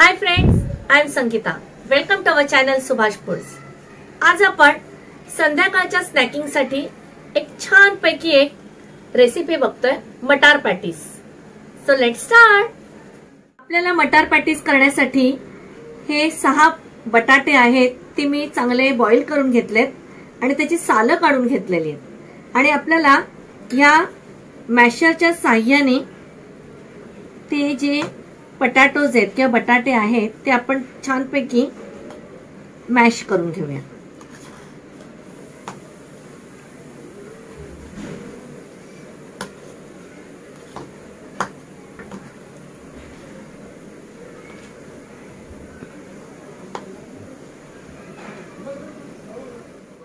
high friends I am Sangeeta welcome to our channel Subhash foods आज आपण संध्याकाळच्या स्नॅकिंगसाठी एक छान पैकी एक रेसिपी बघतोय मटार पॅटीस सो लेट स्टार्ट आपल्याला मटार पॅटीस करण्यासाठी हे सहा बटाटे आहेत ते मी चांगले बॉईल करून घेतलेत आणि त्याची सालं काढून घेतलेली आहेत आणि आपल्याला या मॅशरच्या साह्याने ते जे पटॅटोज आहेत किंवा बटाटे आहेत ते आपण छानपैकी मॅश करून घेऊया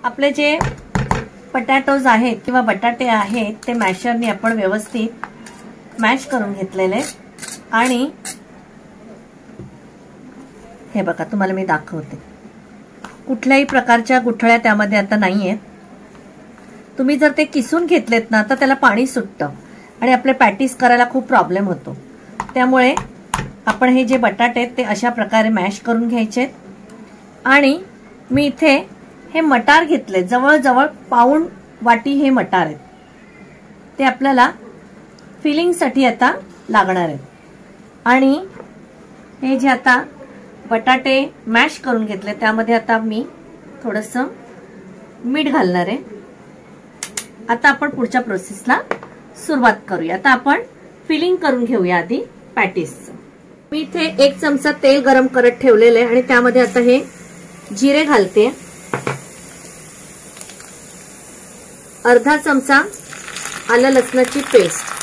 आपले जे पटॅटोज आहेत किंवा बटाटे आहेत ते मॅशरनी आपण व्यवस्थित मॅश करून घेतलेले आणि हे बघा तुम्हाला मी दाखवते कुठल्याही प्रकारच्या गुठळ्या त्यामध्ये आता नाही तुम्ही जर ते किसून घेतलेत ना तर त्याला पाणी सुटतं आणि आपले पॅटिस करायला खूप प्रॉब्लेम होतो त्यामुळे आपण हे जे बटाटे आहेत ते अशा प्रकारे मॅश करून घ्यायचे आणि मी इथे हे मटार घेतले जवळजवळ पाऊण वाटी हे मटार आहेत ते आपल्याला फिलिंगसाठी आता लागणार आहेत आणि हे जे आता बटाटे मॅश करून घेतले त्यामध्ये आता मी थोडंसं मीठ घालणार आहे आता आपण पुढच्या प्रोसेसला सुरुवात करूया आता आपण फिलिंग करून घेऊया आधी पॅटीसचं मी इथे एक चमचा तेल गरम करत ठेवलेलं आहे आणि त्यामध्ये आता हे जिरे घालते अर्धा चमचा आलं लसणाची पेस्ट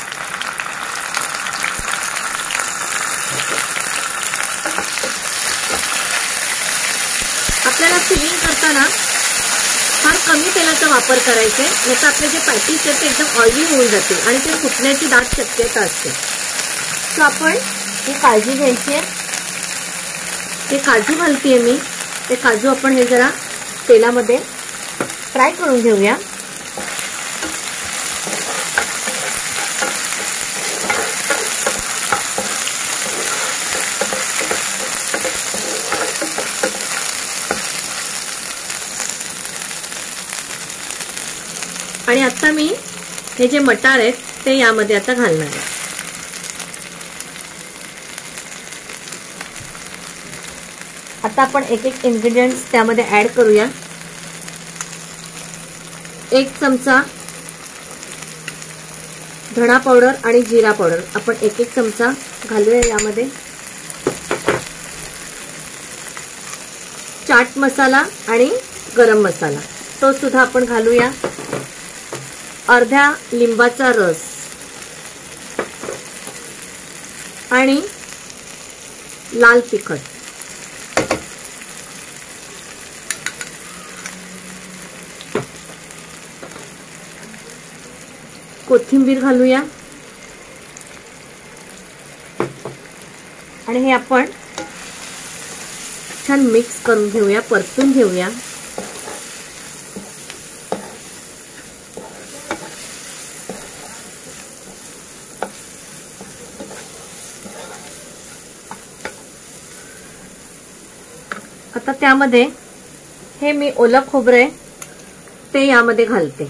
फिलिंग करताना फार कमी तेलाचा वापर करायचा आहे याचा आपले जे पॅटीस आहेत ते एकदम ऑइली होऊन जाते आणि ते फुटण्याची दाट शक्यता असते सो आपण ही काजू घ्यायची आहे ते काजू घालते मी ते काजू आपण हे जरा तेलामध्ये फ्राय करून घेऊया आणि आता मी हे जे मटार आहेत ते यामध्ये आता घालणार आहे आता आपण एक एक इन्ग्रेडियंट त्यामध्ये ऍड करूया एक चमचा धणा पावडर आणि जिरा पावडर आपण एक एक चमचा घालूया यामध्ये चाट मसाला आणि गरम मसाला तो सुद्धा आपण घालूया अर्ध्या लिंबाचा रस आणि लाल तिखट कोथिंबीर घालूया आणि हे आपण छान मिक्स करून घेऊया परतून घेऊया आता त्यामध्ये हे मी ओलं आहे ते यामध्ये घालते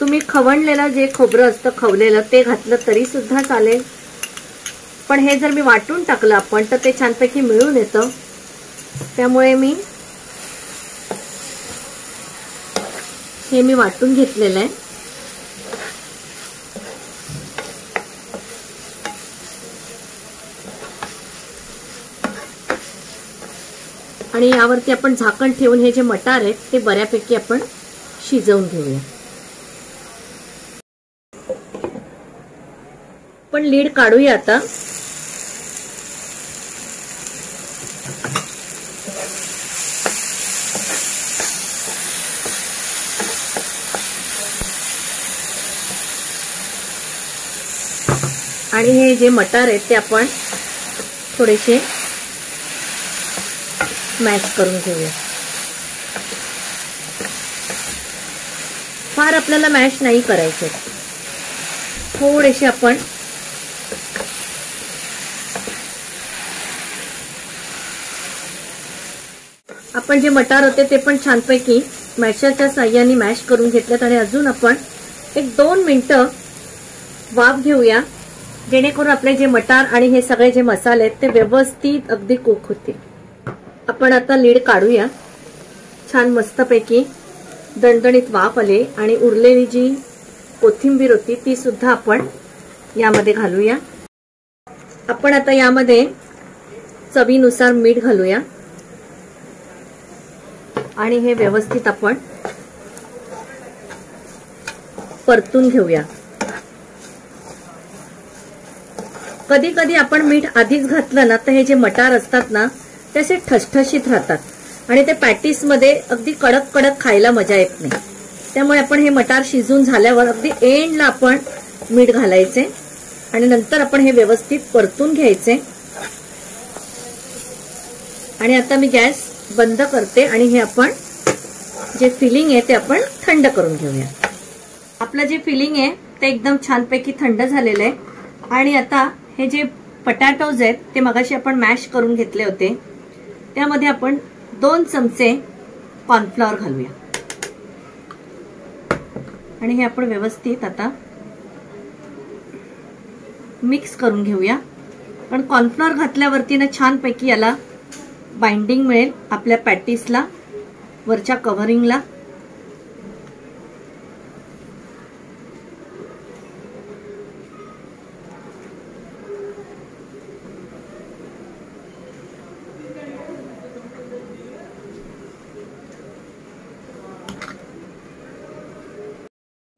तुम्ही खवणलेलं जे खोबरं असतं खवलेलं ते घातलं तरी सुद्धा चालेल पण हे जर मी वाटून टाकलं आपण तर ते छानपैकी मिळून येतं त्यामुळे मी हे मी वाटून घेतलेलं आहे आणि यावरती आपण झाकण ठेवून हे जे मटार आहेत ते बऱ्यापैकी आपण शिजवून घेऊया पण लीड काढूया आता आणि हे जे मटार आहेत ते आपण थोडेसे मॅश करून घेऊया फार आपल्याला मॅश नाही करायचे थोडेसे आपण आपण जे मटार होते ते पण छानपैकी मॅशरच्या साह्याने मॅश करून घेतल्यात आणि अजून आपण एक दोन मिनटं वाफ घेऊया जेणेकरून आपले जे मटार आणि हे सगळे जे मसाले आहेत ते व्यवस्थित अगदी कुक होतील आपण आता लीड काढूया छान मस्तपैकी दणदणीत वाफ आले आणि उरलेली जी कोथिंबीर होती ती सुद्धा आपण यामध्ये घालूया आपण आता यामध्ये चवीनुसार मीठ घालूया आणि हे व्यवस्थित आपण परतून घेऊया कधी कधी आपण मीठ आधीच घातलं ना तर हे जे मटार असतात ना तसे ठसठशीत राहतात आणि ते मध्ये अगदी कडक कडक खायला मजा येत नाही त्यामुळे आपण हे मटार शिजून झाल्यावर अगदी एंडला आपण मीठ घालायचे आणि नंतर आपण हे व्यवस्थित परतून घ्यायचे आणि आता मी गॅस बंद करते आणि हे आपण जे फिलिंग आहे ते आपण थंड करून घेऊया आपलं जे फिलिंग आहे ते एकदम छानपैकी थंड झालेलं आहे आणि आता हे जे पटॅटोज आहेत ते मगाशी आपण मॅश करून घेतले होते त्यामध्ये आपण दोन चमचे कॉर्नफ्लॉवर घालूया आणि हे आपण व्यवस्थित आता मिक्स करून घेऊया कारण कॉर्नफ्लॉवर घातल्यावरती ना छानपैकी याला बाइंडिंग मिळेल आपल्या पॅटीसला वरच्या कव्हरिंगला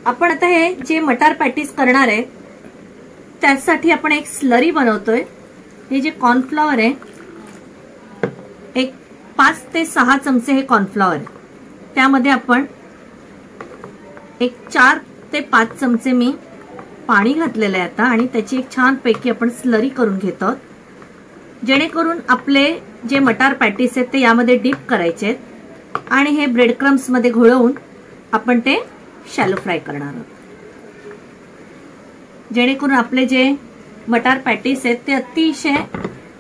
आपण आता हे जे मटार पॅटीस करणार आहे त्यासाठी आपण एक स्लरी बनवतोय हे जे कॉर्नफ्लॉवर आहे एक पाच ते सहा चमचे हे कॉर्नफ्लॉवर आहे त्यामध्ये आपण एक चार ते पाच चमचे मी पाणी घातलेलं आहे आता आणि त्याची एक छानपैकी आपण स्लरी करून घेत आहोत जेणेकरून आपले जे मटार पॅटीस आहेत ते यामध्ये डीप करायचे आहेत आणि हे ब्रेड क्रम्समध्ये घोळवून आपण ते शॅलो फ्राय करणार आहोत जेणेकरून आपले जे मटार पॅटीस आहेत ते अतिशय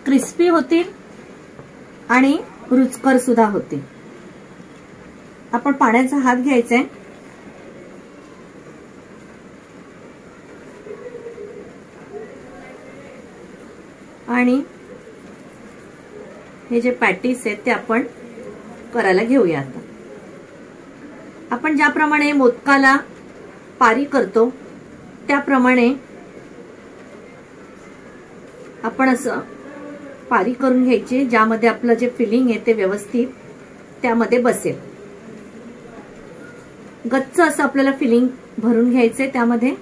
क्रिस्पी होतील आणि रुचकर सुद्धा होतील आपण पाण्याचा हात घ्यायचा आहे आणि हे जे पॅटीस आहेत ते आपण करायला घेऊया आता आपण ज्याप्रमाणे मोदकाला पारी करतो त्याप्रमाणे आपण असं पारी करून घ्यायची ज्यामध्ये आपलं जे फिलिंग आहे ते व्यवस्थित त्यामध्ये बसेल गच्च असं आपल्याला फिलिंग भरून घ्यायचंय त्यामध्ये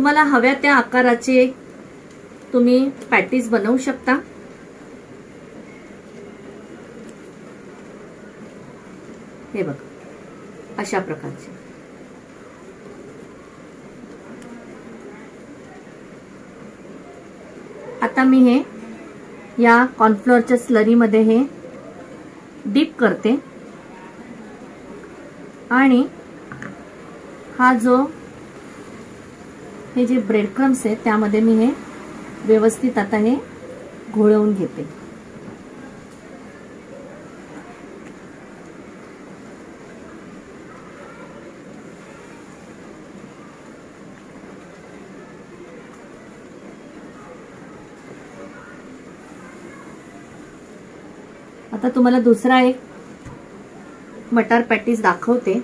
तुम्हाला हव्या त्या आकाराचे तुम्ही पॅटीज बनवू शकता हे बघा अशा प्रकारचे आता मी हे या कॉर्नफ्लोअरच्या स्लरीमध्ये हे डीप करते आणि हा जो हे जे ब्रेड क्रम्स आहेत त्यामध्ये मी हे व्यवस्थित आता हे घोळवून घेते आता तुम्हाला दुसरा एक मटार पॅटीस दाखवते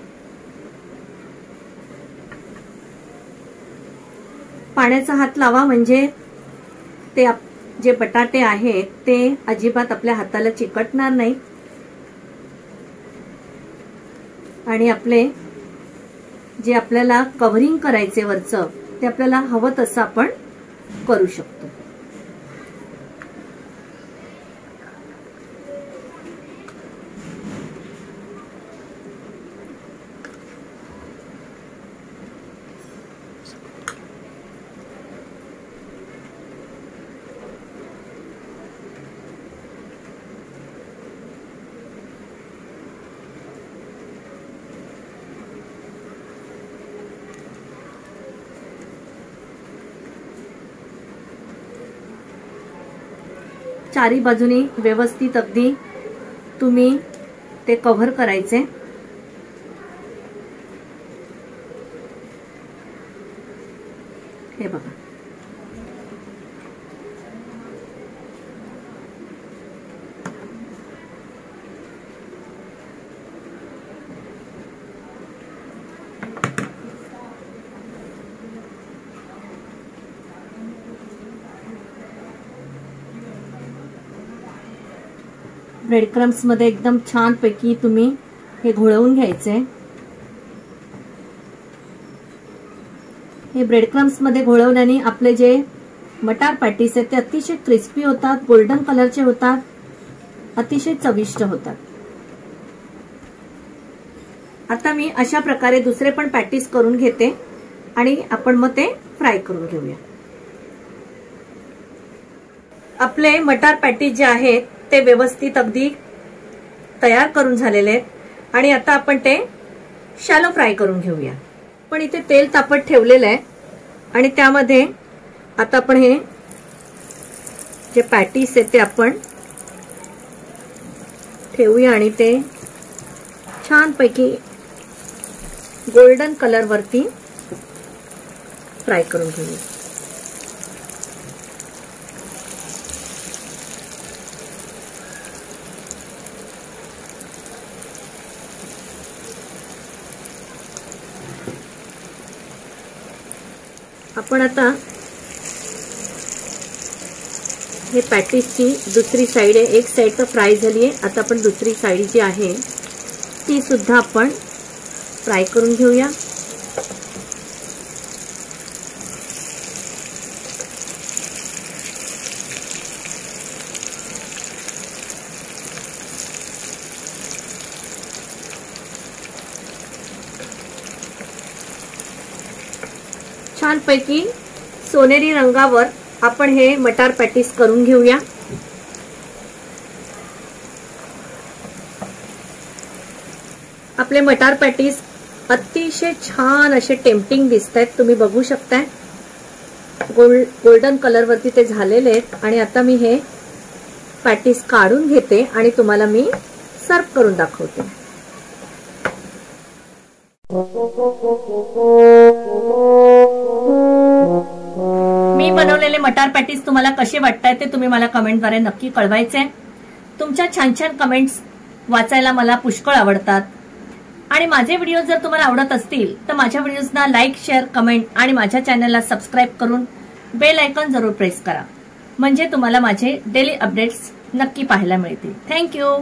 पाण्याचा हात लावा म्हणजे ते जे बटाटे आहेत ते अजिबात आपल्या हाताला चिकटणार नाही आणि आपले जे आपल्याला कव्हरिंग करायचे वरचं ते आपल्याला हवं तसं आपण करू शकतो चारी बाजूनी व्यवस्थित अगदी तुम्ही ते कव्हर करायचे ब्रेड ब्रेडक्रम्समध्ये एकदम छानपैकी तुम्ही हे घोळवून घ्यायचे हे ब्रेड मध्ये घोळवल्याने आपले जे मटार पॅटीस आहेत ते अतिशय क्रिस्पी होतात गोल्डन कलरचे होतात अतिशय चविष्ट होतात आता मी अशा प्रकारे दुसरे पण पॅटीस करून घेते आणि आपण मग ते फ्राय करून घेऊया आपले मटार पॅटीस जे आहेत ते व्यवस्थित अगदी तयार करून झालेले आहेत आणि आता आपण ते शॅलो फ्राय करून घेऊया पण इथे तेल तापत ठेवलेलं आहे आणि त्यामध्ये आता आपण हे जे पॅटीस आहेत ते आपण ठेवूया आणि ते छानपैकी गोल्डन कलरवरती फ्राय करून घेऊया आपण आता हे पॅटीसची दुसरी साईड आहे एक साईड तर फ्राय झाली आहे आता आपण दुसरी साईड जी आहे ती सुद्धा आपण फ्राय करून घेऊया पैकी सोनेरी रंगावर आपण हे मटार पॅटीस करून घेऊया आपले मटार पॅटीस अतिशय छान असे टेम्पटिंग दिसतायत तुम्ही बघू शकताय गोल्डन गोल्डन वरती ते झालेले आहेत आणि आता मी हे पॅटीस काढून घेते आणि तुम्हाला मी सर्व करून दाखवते मी बनवलेले मटार पॅटीस तुम्हाला कसे वाटताय ते तुम्ही मला कमेंटद्वारे नक्की कळवायचे तुमच्या छान छान कमेंट्स वाचायला मला पुष्कळ आवडतात आणि माझे व्हिडिओ जर तुम्हाला आवडत असतील तर माझ्या व्हिडिओजना लाईक शेअर कमेंट आणि माझ्या चॅनलला सबस्क्राईब करून बेल आयकॉन जरूर प्रेस करा म्हणजे तुम्हाला माझे डेली अपडेट्स नक्की पाहायला मिळतील थँक्यू